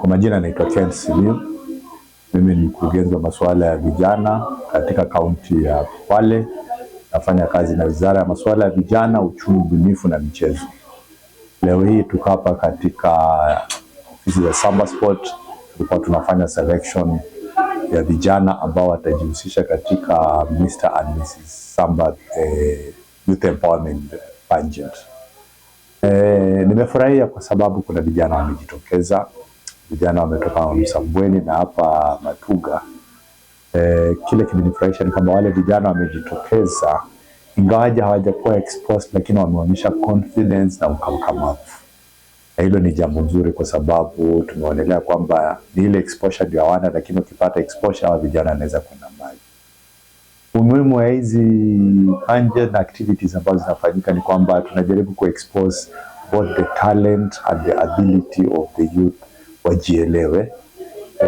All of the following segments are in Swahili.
Kwa majina anaitwa Ken Simiyu, mimi ni mkurugenzi wa masuala ya vijana katika kaunti ya Kwale. Nafanya kazi na wizara ya masuala ya vijana, uchumi, ubunifu na michezo. Leo hii tuko hapa katika ofisi za Samba Sport, tulikuwa tunafanya selection ya vijana ambao watajihusisha katika Mr and Mrs Samba eh, Youth Empowerment Pageant. Eh, nimefurahia kwa sababu kuna vijana wamejitokeza vijana wametoka Msambweni na hapa Matuga. E, eh, kile kimenifurahisha ni kwamba wale vijana wamejitokeza, ingawaje hawajakuwa exposed, lakini wameonyesha confidence na ukakamavu. Hilo ni jambo nzuri, kwa sababu tumeonelea kwamba ni ile exposure ndio hawana, lakini ukipata exposure hawa vijana wanaweza kwenda mbali. Umuhimu wa hizi panje na activities ambazo zinafanyika ni kwamba tunajaribu ku expose both the talent and the ability of the youth wajielewe, e,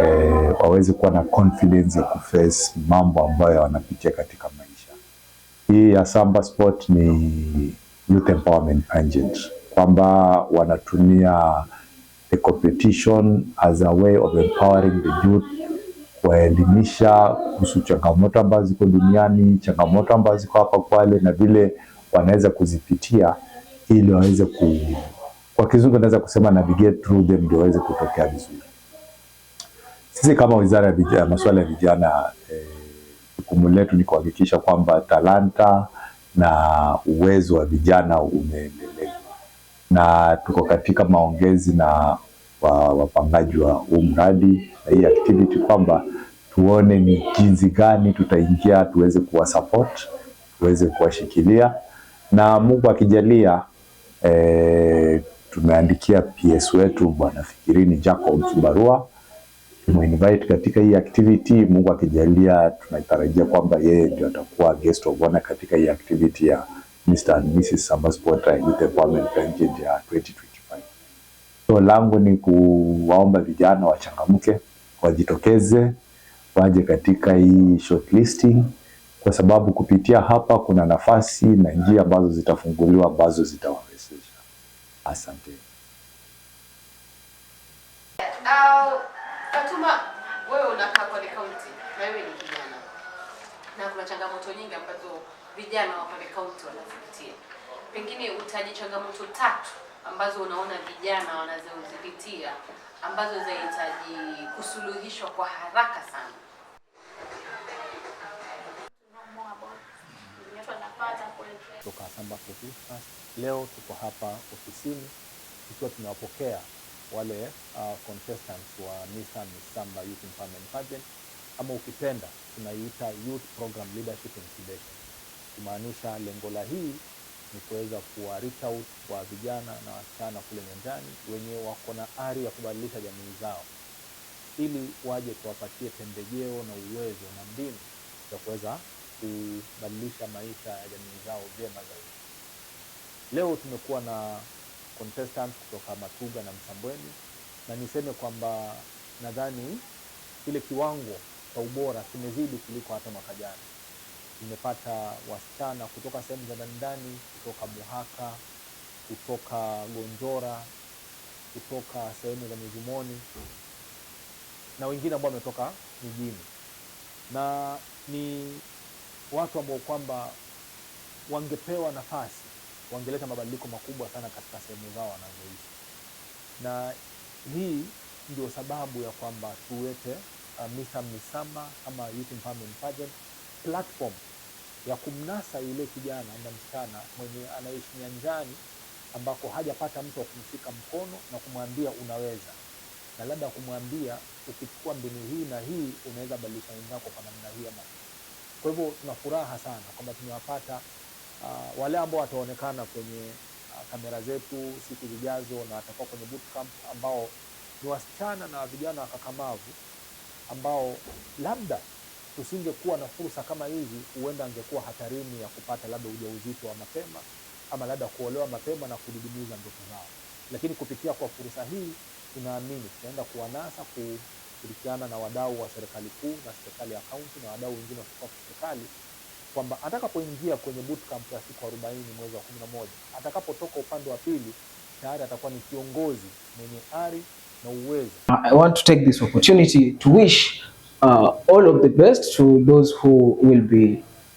waweze kuwa na confidence ya kuface mambo ambayo wanapitia katika maisha. Hii ya Samba Sport ni youth empowerment agent, kwamba wanatumia the competition as a way of empowering the youth kuwaelimisha kuhusu changamoto ambazo ziko duniani, changamoto ambazo ziko hapa Kwale na vile wanaweza kuzipitia ili waweze ku kwa kizungu naweza kusema navigate through them ndio waweze kutokea vizuri. Sisi kama wizara ya masuala ya vijana eh, jukumu eh, letu ni kuhakikisha kwamba talanta na uwezo wa vijana umeendelea na tuko katika maongezi na wapangaji wa huu mradi na hii activity kwamba tuone ni jinsi gani tutaingia tuweze kuwa support tuweze kuwashikilia na Mungu akijalia eh, tumeandikia PS wetu Bwana Fikirini Jacob barua, tumeinvite katika hii activity. Mungu akijalia, tunatarajia kwamba yeye ndio atakuwa guest of honor katika hii activity ya Mr. and Mrs. Sambaspota Youth Empowerment Campaign ya 2025. So langu ni kuwaomba vijana wachangamke, wajitokeze, waje katika hii shortlisting kwa sababu kupitia hapa kuna nafasi na njia ambazo zitafunguliwa ambazo zitawa Asante. Au Fatuma, wewe unakaa Kwale County na wewe ni kijana, na kuna changamoto nyingi ambazo vijana wa Kwale County wanazipitia. Pengine utaje changamoto tatu ambazo unaona vijana wanazozipitia ambazo zinahitaji kusuluhishwa kwa haraka sana. kutoka Samba Foodplus. Leo tuko hapa ofisini tukiwa tunawapokea wale uh, contestants wa Nissan Samba Youth Empowerment Pageant ama ukipenda tunaiita Youth Program Leadership Incubation, kumaanisha lengo la hii ni kuweza kuwa reach out kwa vijana na wasichana kule nyanjani wenye wako na ari ya kubadilisha jamii zao, ili waje tuwapatie pembejeo na uwezo na mbinu za kuweza kubadilisha maisha ya jamii zao vyema zaidi. Leo tumekuwa na contestant kutoka Matuga na Msambweni, na niseme kwamba nadhani kile kiwango cha ubora kimezidi kuliko hata mwaka jana. Tumepata wasichana kutoka sehemu za ndani ndani, kutoka Muhaka, kutoka Gonjora, kutoka sehemu za Mizumoni na wengine ambao wametoka mijini na ni watu ambao kwamba wangepewa nafasi wangeleta mabadiliko makubwa sana katika sehemu zao wanazoishi, na hii ndio sababu ya kwamba tuwete uh, Mr. misama ama platform ya kumnasa yule kijana na msichana mwenye anaishi nyanjani ambako hajapata mtu wa kumshika mkono na kumwambia unaweza, na labda kumwambia ukichukua mbinu hii na hii unaweza badilisha wenzako kwa namna hii ama kwa hivyo tuna furaha sana kwamba tumewapata uh, wale ambao wataonekana kwenye uh, kamera zetu siku zijazo na watakuwa kwenye bootcamp ambao ni wasichana na vijana wakakamavu ambao labda tusingekuwa na fursa kama hizi, huenda angekuwa hatarini ya kupata labda ujauzito wa mapema ama labda kuolewa mapema na kudidimiza ndoto zao, lakini kupitia kwa fursa hii tunaamini tutaenda kuwanasa ku kushirikiana na wadau wa serikali kuu na serikali ya kaunti na wadau wengine wa serikali kwamba atakapoingia kwenye bootcamp ya siku arobaini mwezi wa kumi na moja atakapotoka upande wa pili tayari atakuwa ni kiongozi mwenye ari na uwezo. I want to take this opportunity to wish uh, all of the best to those who will be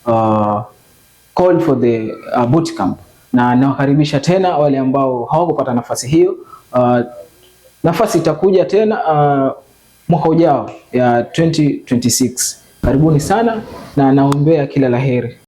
uh, called for the uh, bootcamp na nawakaribisha tena wale ambao hawakupata nafasi hiyo. Uh, nafasi itakuja tena uh, mwaka ujao ya 2026. Karibuni sana na naombea kila la heri.